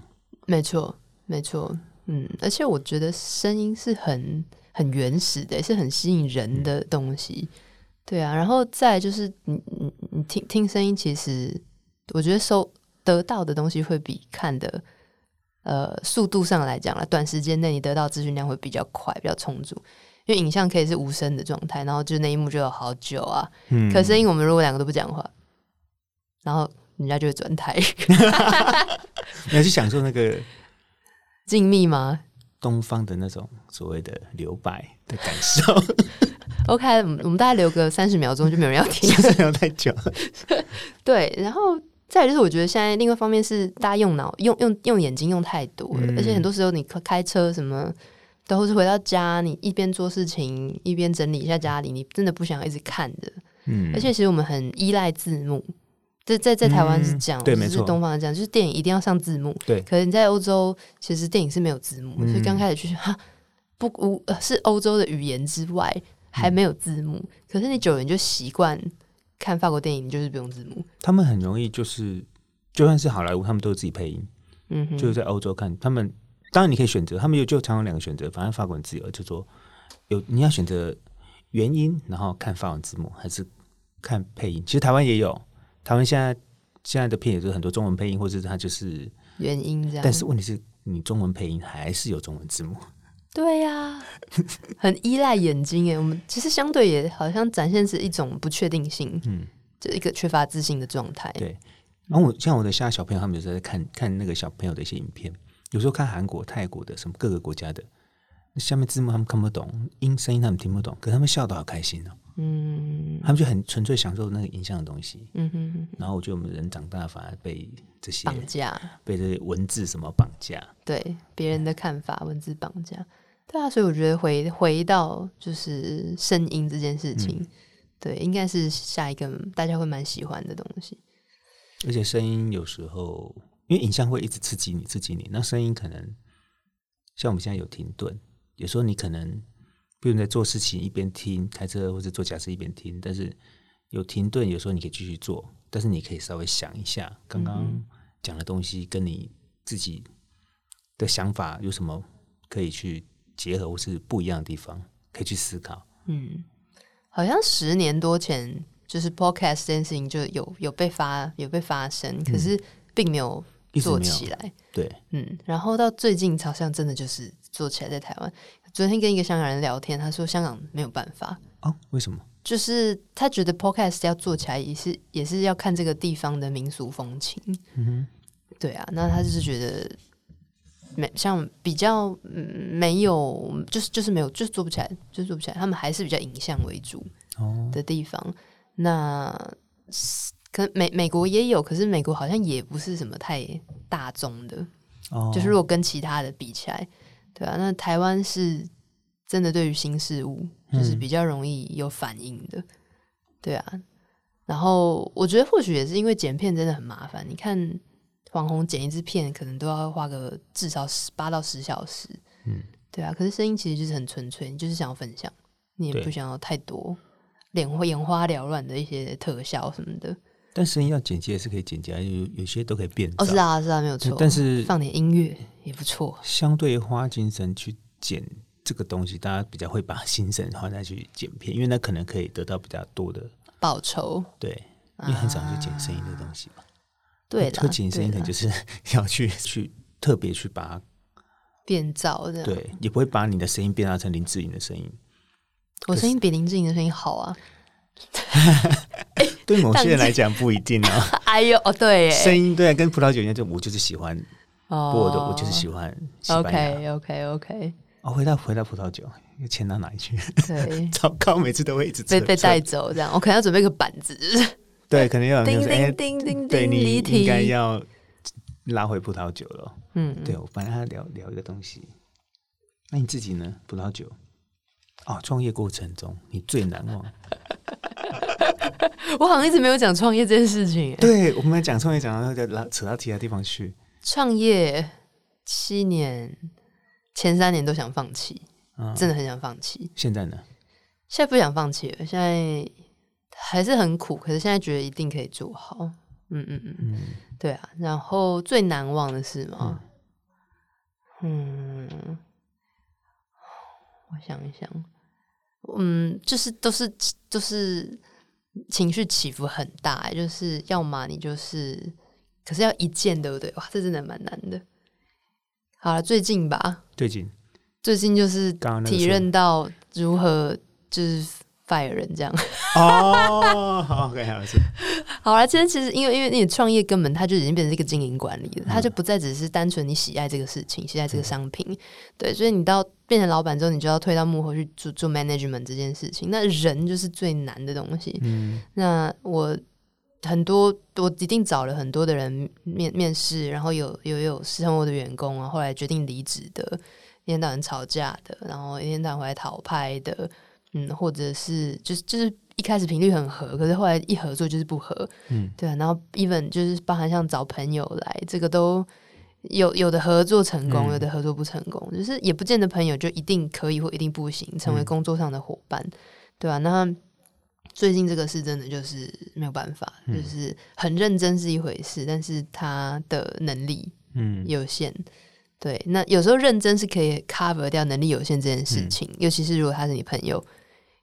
S2: 沒錯，沒錯。嗯，而且我覺得聲音是很很原始的，也是很吸引人的東西。嗯、對啊，然後再就是你你你聽聽聲音，其實。我覺得收得到的東西會比看的，呃，速度上來講了，短時間內你得到的資訊量會比較快，比較充足。因為影像可以是無聲的狀態，然後就那一幕就有好久啊。嗯、可是因為我們如果兩個都不講話，然後人家就會轉台。
S1: 你還是享受那個靜謐嗎？東方的那種所謂的留白的感受。
S2: OK，我們大概留個三十秒鐘，就沒有人要聽，
S1: 太久了。
S2: 對，然後。再來就是，我覺得現在另外一方面是大家用腦、用用用眼睛用太多了，嗯、而且很多時候你開開車什麼都是回到家，你一邊做事情一邊整理一下家裡，你真的不想一直看的。嗯、而且其實我們很依賴字幕，在在在台灣是講，就、嗯、是，是東方講，就是電影一定要上字幕。對，可是你在歐洲其實電影是沒有字幕的，嗯、所以剛開始去哈，不無是歐洲的語言之外還沒有字幕，嗯、可是你久了你就習慣。看法國電影，你就是不用字幕。
S1: 他們很容易，就是就算是好萊塢，他們都是自己配音。嗯哼，就是在歐洲看他們，當然你可以選擇，他們有就常有兩個選擇，反正法國人自由，就說有你要選擇原音，然後看法文字幕還是看配音。其實台灣也有，台灣現在現在的片也是很多中文配音，或者是它就是原音這樣。但是問題是，你中文配音還是有中文字幕。
S2: 對呀、啊，很依賴眼睛哎。 我們其實相對也好像展現是一種不確定性，嗯，就是一個缺乏自信的狀態。對，
S1: 然後我像我的下小朋友，他們有時候在看看那個小朋友的一些影片，有時候看韓國、泰國的什麼各個國家的，下面字幕他們看不懂，音聲音他們聽不懂，可他們笑得好開心哦、喔。嗯，他們就很純粹享受那個影像的東西。嗯哼，哼，哼，哼。然後我覺得我們人長大反而被這些綁架，被這些文字什麼綁架。
S2: 對，別人的看法，嗯、文字綁架。對啊，所以我覺得回回到就是聲音這件事情，嗯、對，應該是下一個大家會蠻喜歡的東西。
S1: 而且聲音有時候，因為影像會一直刺激你，刺激你。那聲音可能像我們現在有停頓，有時候你可能不用在做事情一邊聽，開車或者做假設一邊聽，但是有停頓，有時候你可以繼續做，但是你可以稍微想一下剛剛講的東西跟你自己的想法有什麼可以去。結合是不一樣的地方，可以去思考。嗯，
S2: 好像十年多前，就是 Podcast 這件事情就有有被發有被發生，嗯，可是並沒有做起來。對，嗯。然後到最近，好像真的就是做起來在台灣。昨天跟一個香港人聊天，他說香港沒有辦法啊？為什麼？就是他覺得 Podcast 要做起來，也是也是要看這個地方的民俗風情。嗯哼，對啊，那他就是覺得。沒像比較沒有，就是就是沒有，就是做不起來，就是、做不起來。他們還是比較影像為主的地方。哦、那可美美國也有，可是美國好像也不是什麼太大眾的，哦、就是如果跟其他的比起來，對啊。那台灣是真的對於新事物就是比較容易有反應的，嗯、對啊。然後我覺得或許也是因為剪片真的很麻煩，你看。網紅剪一支片可能都要花個至少十八到十小時，嗯，對啊。可是聲音其實就是很純粹，你就是想要分享，你也不想要太多會眼花繚亂的一些特效什麼的。
S1: 但聲音要剪輯也是可以剪輯，有有些都可以變。哦，是啊，是啊，沒有錯。但是放點音樂也不錯。相對花精神去剪這個東西，大家比較會把心神花在去剪片，因為那可能可以得到比較多的報酬。對，因為很少去剪聲音的東西嘛對的，特謹聲音可能就是啦要去去特別去把它
S2: 變造的，對，
S1: 也不會把你的聲音變換成林志穎的聲音。我聲音
S2: 比林志穎的聲音好啊！
S1: 是 對某些人來講不一定啊、喔。哎呦，哦，對，聲音對，跟葡萄酒一樣，就我就是喜歡，哦，我都我就是喜歡。OK OK OK。哦，回到回到葡萄酒，又牽到哪裡去？對糟糕，每次都會一直被被帶
S2: 走，這樣我可能要準備一個板子。對，肯定有、有。哎、欸，對你應該要
S1: 拉回葡萄酒了，哦。嗯、嗯，對，對我反正要聊聊一個東西。那、啊、你自己呢？葡萄酒？哦，創業過程中你最難忘？
S2: 我好像一直沒有講創業這件事情。
S1: 對，我們講創業講到就拉扯到其他地方去。
S2: 創業七年，前三年都想放棄，
S1: 嗯、真的很想放棄。現在呢？現
S2: 在不想放棄了。現在。還是很苦，可是現在覺得一定可以做好，嗯嗯嗯，
S1: 嗯，
S2: 對啊。然後最難忘的是嗎？嗯，嗯，我想一想，嗯，就是都是就是情緒起伏很大，欸，就是要嘛你就是，可是要一件對不對？哇，這真的蠻難的。好了，最近吧，最近最近就是剛剛體認到如何就是。fire 人這樣哦、oh,
S1: okay, 好，好好好
S2: 好了，其實其實因為因為你創業根本他就已經變成一個經營管理了，他就不再只是單純你喜愛這個事情，嗯、喜愛這個商品。對，所以你到變成老闆之後，你就要退到幕後去做做 management 這件事情。那人就是最難的東西。嗯，那我很多我一定找了很多的人面面試，然後有有有是成為我的員工啊，後來決定離職的，一天到晚吵架的，然後一天到晚回來討拍的。嗯，或者是就是就是一開始頻率很合，可是後來一合作就是不合，嗯，對啊。然後 even 就是包含像找朋友來，這個都有，有的合作成功，嗯、有的合作不成功，就是也不見得朋友就一定可以或一定不行成為工作上的夥伴，嗯、對啊。那最近這個事真的就是沒有辦法，就是很認真是一回事，但是他的能力嗯有限，嗯、對。那有時候認真是可以 cover 掉能力有限這件事情，嗯、尤其是如果他是你朋友。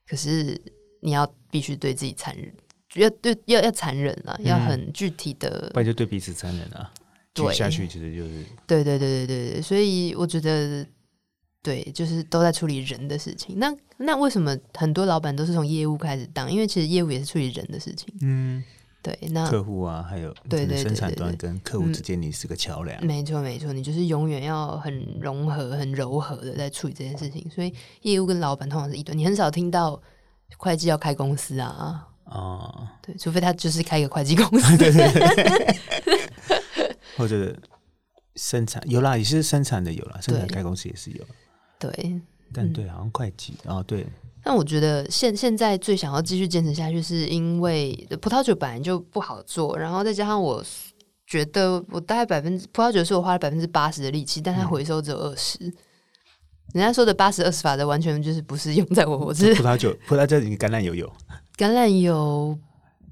S2: 可是你要必須對自己殘忍，要對要要殘忍啊，嗯、要很具體的，
S1: 不然就對彼此殘忍啊。對下去其實就
S2: 是對對對對對對，所以我覺得對就是都在處理人的事情。那那為什麼很多老闆都是從業務開始當？因為其實業務也是處理人的事情。嗯。
S1: 對，那客戶啊，還有對生產端跟客戶之間，你是個橋樑、嗯。
S2: 沒錯沒錯，你就是永遠要很融合、很柔和的在處理這件事情。所以業務跟老板通常是一對，你很少聽到會計要開公司啊。哦，對，除非他就是開個會計公司，
S1: 或者生產有啦，也是生產的有啦，對生產開公司也是有。對，但對、嗯、好像會計哦，對。
S2: 但我覺得現現在最想要繼續堅持下去，是因為葡萄酒本來就不好做，然後再加上我覺得我大概百分之葡萄酒是我花了百分之八十的力氣，但它回收只有二十。嗯、人家說的八十二十法則，完全就是不是用在我。我是葡萄
S1: 酒，葡萄酒你橄欖油，油，橄欖油、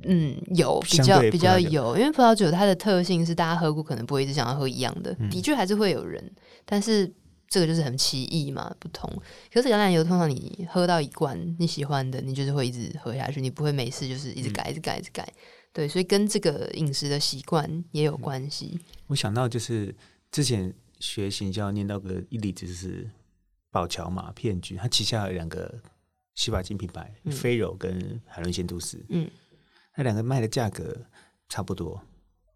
S1: 嗯、有？
S2: 橄欖油嗯，有比較比較有，因為葡萄酒它的特性是大家喝過可能不會一直想要喝一樣的，嗯、的確還是會有人，但是。這個就是很奇異嘛，不同。可是橄欖油通常你喝到一罐你喜歡的，你就是會一直喝下去，你不會每次就是一直改，嗯、一直改、一直改。對，所以跟這個飲食的習慣也有關係。嗯、
S1: 我想到就是之前學習就要念到個一例子，就是寶僑嘛，P&G。他旗下有兩個洗髮精品牌，飛、嗯、柔跟海倫仙度絲。嗯，那兩個賣的價格差不多，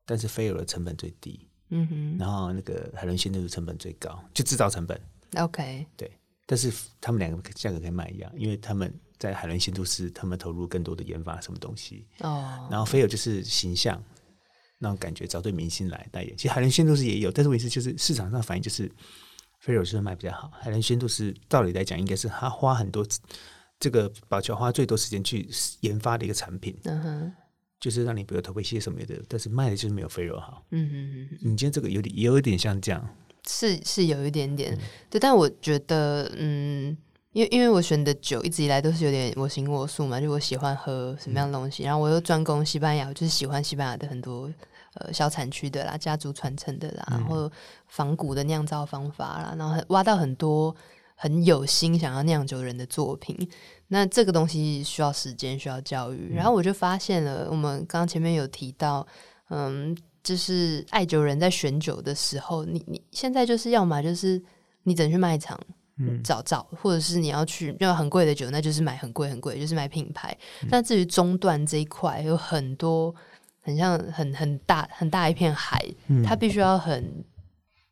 S1: 但是飛柔的成本最低。嗯哼，然後那個海倫仙度絲成本最高，就製造成本。OK，對，但是他們兩個價格可以賣一樣，因為他們在海倫仙度絲他們投入更多的研發什麼東西。哦
S2: ，oh, okay. 然後
S1: 飛柔就是形象，那種感覺，找對明星來代言。其實海倫仙度絲也有，但是問題是就是市場上反應就是飛柔就是賣比較好。海倫仙度絲道理來講，應該是他花很多這個寶僑花最多時間去研發的一個產品。嗯哼。就是讓你不要頭皮屑什麼的，但是賣的就是沒有肥肉好。嗯哼、嗯、哼、嗯嗯，你今天這個有點有一點像這樣，
S2: 是是有一點點。嗯、對，但我覺得，嗯，因為因為我選的酒一直以來都是有點我行我素嘛，就我喜歡喝什麼樣的東西，嗯、然後我又專攻西班牙，我就是喜歡西班牙的很多呃小產區的啦、家族傳承的啦，嗯、然後仿古的釀造方法啦，然後很挖到很多很有心想要釀酒的人的作品。那這個東西需要時間，需要教育。嗯、然後我就發現了，我們剛剛前面有提到，嗯，就是愛酒人在選酒的時候，你你現在就是要麼就是你只能去賣場，嗯，找找，或者是你要去要很貴的酒，那就是買很貴很貴，就是買品牌。嗯、那至於中段這一塊，有很多很像很很大很大一片海，嗯、它必須要很。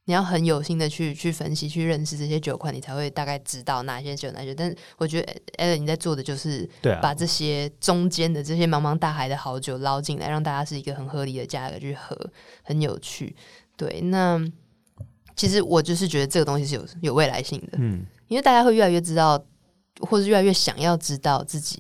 S2: 你要很有心的去去分析、去認識這些酒款，你才會大概知道哪些酒、哪些。但是我覺得艾倫你在做的就是，把這些中間的這些茫茫大海的好酒撈進來，讓大家是一個很合理的價格去喝，很有趣。對，那其實我就是覺得這個東西是有有未來性的，嗯、因為大家會越來越知道，或是越來越想要知道自己，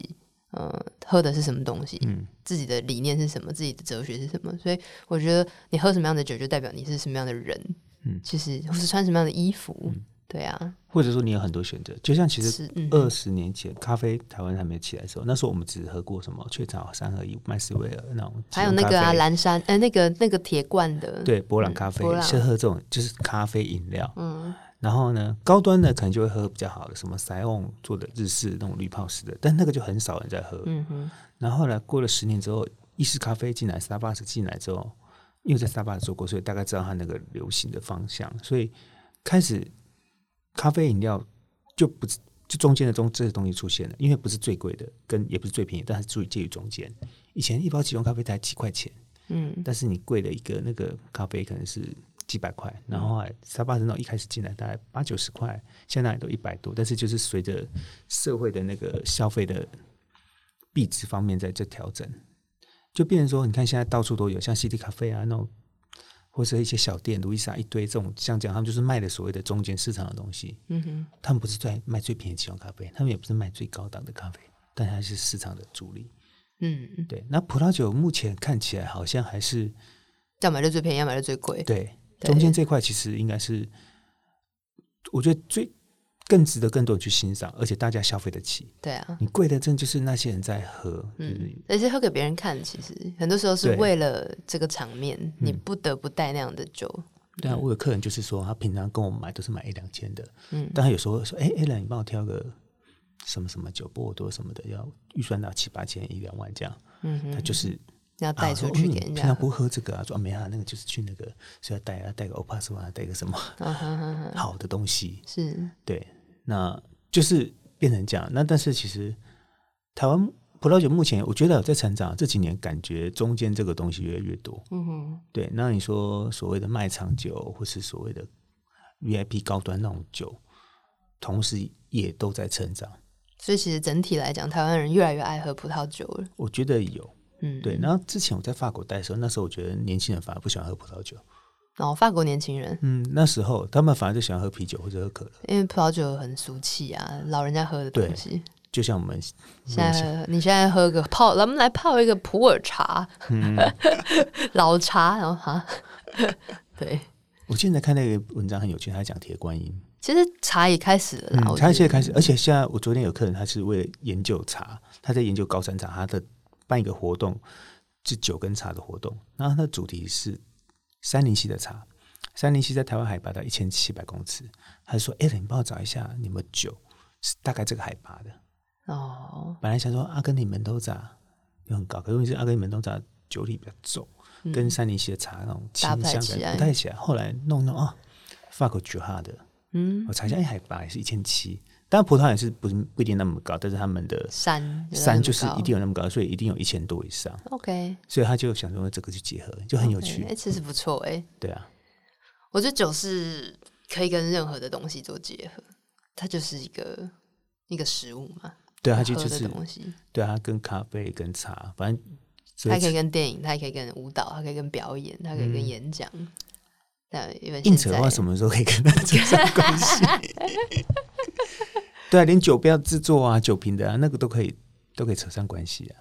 S2: 嗯、呃、喝的是什麼東西，嗯、自己的理念是什麼，自己的哲學是什麼。所以我覺得，你喝什麼樣的酒，就代表你是什麼樣的人。嗯，其實或是穿什麼樣的衣服，嗯、對
S1: 啊，或者說你有很多選擇，就像其實二十年前、嗯、咖啡台灣還沒起來的時候，那時候我們只喝過什麼雀巢三合一、麥斯威爾那種，種，還有那個啊藍
S2: 山，哎、那個那個鐵罐的，對，
S1: 伯朗咖啡，是、嗯、喝這種就是咖啡飲料。嗯，然後呢，高端的可能就會喝比較好的，什麼塞翁做的日式那種濾泡式的，但那個就很少人在喝。嗯哼，然後呢，過了十年之後，意式咖啡進來，Starbucks 進來之後。因為在沙巴做過，所以大概知道它那個流行的方向，所以開始咖啡飲料就不就中間的東這些、個、東西出現了，因為不是最貴的，跟也不是最便宜，但是注意介於中間。以前一包即溶咖啡才幾塊錢，嗯，但是你貴的一個那個咖啡可能是幾百塊，然後沙巴人呢一開始進來大概八九十塊，現在都一百多，但是就是隨着社會的那個消費的幣值方面在這調整。就變成說，你看現在到處都有像 C D 咖啡啊，那種或者一些小店、路易莎一堆這種，像這樣，他們就是賣的所謂的中間市場的東西。嗯哼，他們不是在賣最便宜的幾種咖啡，他們也不是賣最高檔的咖啡，但它是市場的主力。嗯，對。那葡萄酒目前看起來好像還是，要買的最便宜，要買的最貴。對，中間這塊其實應該是，我覺得最。更值得更多人去欣賞，而且大家消費得起。對啊，你貴的真就是那些人在喝，
S2: 嗯，而且喝給別人看，其實很多時候是為了這個場面，對你不得不帶那樣的酒。對啊、
S1: 嗯，我有客人就是說，他平常跟我買都是買一兩千的，嗯，但他有時候說，哎，艾倫，你幫我挑個什麼什麼酒，波爾多什麼的，要預算到七八千一兩萬這樣，嗯哼，他就是。要帶出去、啊嗯，平常不喝這個啊？說啊，沒啥、啊，那個就是去那個，是要帶啊，帶個 OPUS 啊，帶個什麼好的東西？ 是，對，那就是變成這樣。那但是其實台灣葡萄酒目前我覺得有在成長，這幾年感覺中間這個東西越來越多。嗯哼對。那你說所謂的賣場酒，或是所謂的 VIP 高端那種酒，同時也都在成長。
S2: 所以其實整體來講，台灣人越來越愛
S1: 喝葡萄酒了。我覺得有。嗯，對。然後之前我在法國待的時候，那時候我覺得年輕人反而不喜歡喝葡萄酒。哦，法國年
S2: 輕人，嗯，
S1: 那時候他們反而就喜歡喝啤酒或者喝可
S2: 樂，因為葡萄酒很俗氣啊，老人家喝的東西。
S1: 對，就像我們現在喝，你
S2: 現在喝個泡，咱們來泡一個普洱茶，嗯、 老茶，然後哈。
S1: 對，我現在看那個文章，很有趣，他講鐵觀音。
S2: 其實茶也開始了，了、嗯。茶現在開始，而且
S1: 現在我昨天有客人，他是為了研究茶，他在研究高山茶，他的。辦一個活動，就酒跟茶的活動。那它的主題是杉林溪的茶，杉林溪在台灣海拔到一千七百公尺。他說：“哎、欸，你幫我找一下有沒有酒是大概這個海拔的。”
S2: 哦，
S1: 本來想說阿根廷門多薩又很高，可是阿根廷門多薩酒體比較重，嗯、跟杉林溪的茶那種清香感不太起來。起來後來弄弄啊，法國酒哈的，
S2: 嗯、我查一下，哎，海
S1: 拔也是一千七。但葡萄也是不是不一定那麼高，但是他們的山山就是一定有那麼高，所以一定有一千多以上。OK，所以他就想說這個去結合，就很有趣。哎、okay，欸，
S2: 其實不錯、欸。哎，對啊，我覺得酒是可以跟任何的東西做結合，它就是一個一個食物嘛。對、啊，它就就是東西。
S1: 對啊，跟咖啡、跟茶，反正、就是、它可以跟
S2: 電影，它可以跟舞蹈，它可以跟表演，它可以跟演講。那、嗯、硬扯的話，什麼
S1: 時候可以跟它扯
S2: 上關係？
S1: 對啊，連酒標制作啊、酒瓶的啊，那個都可以都可以扯上關係啊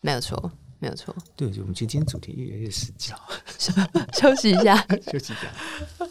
S1: 沒。
S2: 沒有錯，沒有錯。
S1: 對，我們今天主題越來越死教，
S2: 什麼？休息一下， 休息一下。